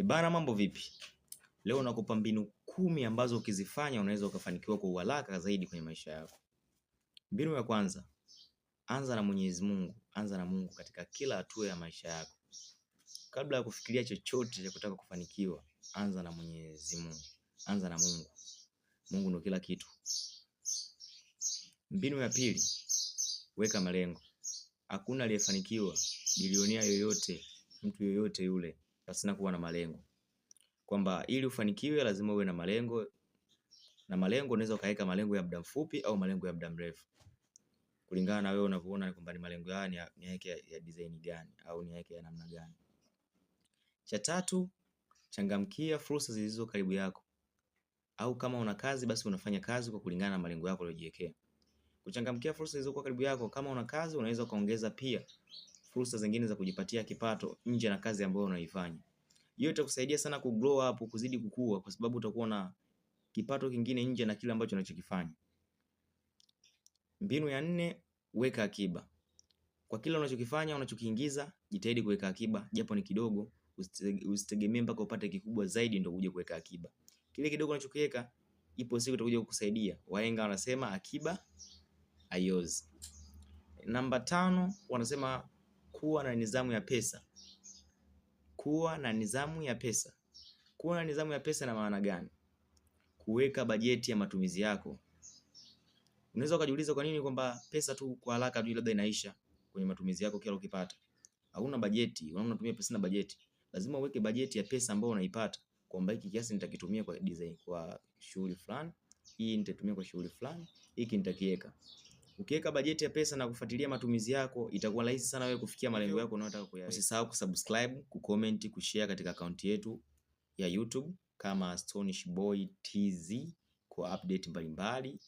Ebana, mambo vipi? Leo nakupa mbinu kumi ambazo ukizifanya unaweza ukafanikiwa kwa uharaka zaidi kwenye maisha yako. Mbinu ya kwanza, anza na Mwenyezi Mungu, anza na Mungu katika kila hatua ya maisha yako. Kabla ya kufikiria chochote cha kutaka kufanikiwa, anza na Mwenyezi Mungu, anza na Mungu. Mungu ndio kila kitu. Mbinu ya pili, weka malengo. Hakuna aliyefanikiwa bilionea yoyote, mtu yoyote yule pasina kuwa na malengo, kwamba ili ufanikiwe lazima uwe na malengo, na malengo unaweza ukaweka malengo ya muda mfupi au malengo ya muda mrefu, kulingana na wewe unavyoona kwamba ni malengo gani ni yake ya design gani au ni yake ya namna gani. Cha tatu, changamkia fursa zilizo karibu yako, au kama una kazi basi unafanya kazi kwa kulingana na malengo yako uliyojiwekea. Kuchangamkia fursa zilizokuwa karibu yako. Kama una kazi, unaweza ukaongeza pia fursa zingine za kujipatia kipato nje na kazi ambayo unaifanya. Hiyo itakusaidia sana ku grow up, kuzidi kukua kwa sababu utakuwa na kipato kingine nje na kile ambacho unachokifanya. Mbinu ya nne, weka akiba. Kwa kila unachokifanya, unachokiingiza, jitahidi kuweka akiba, japo ni kidogo, usitegemee mpaka upate kikubwa zaidi ndio uje kuweka akiba. Kile kidogo unachokiweka, ipo siku itakuja kukusaidia. Wahenga wanasema akiba haiozi. Namba tano, wanasema kuwa na nidhamu ya pesa. Kuwa na nidhamu ya pesa. Kuwa na nidhamu ya pesa na maana gani? Kuweka bajeti ya matumizi yako. Unaweza ukajiuliza kwa nini kwamba pesa tu kwa haraka tu labda inaisha kwenye matumizi yako kila ukipata. Hauna bajeti, unatumia pesa na bajeti. Lazima uweke bajeti ya pesa ambayo unaipata kwamba hiki kiasi nitakitumia kwa design, kwa shughuli fulani, hii nitatumia kwa shughuli fulani, hiki nitakiweka. Ukiweka bajeti ya pesa na kufuatilia matumizi yako, itakuwa rahisi sana wewe kufikia malengo yako unayotaka kuyafikia. Usisahau kusubscribe, kucomment, kushare katika akaunti yetu ya YouTube kama Astonish Boy TZ kwa update mbalimbali.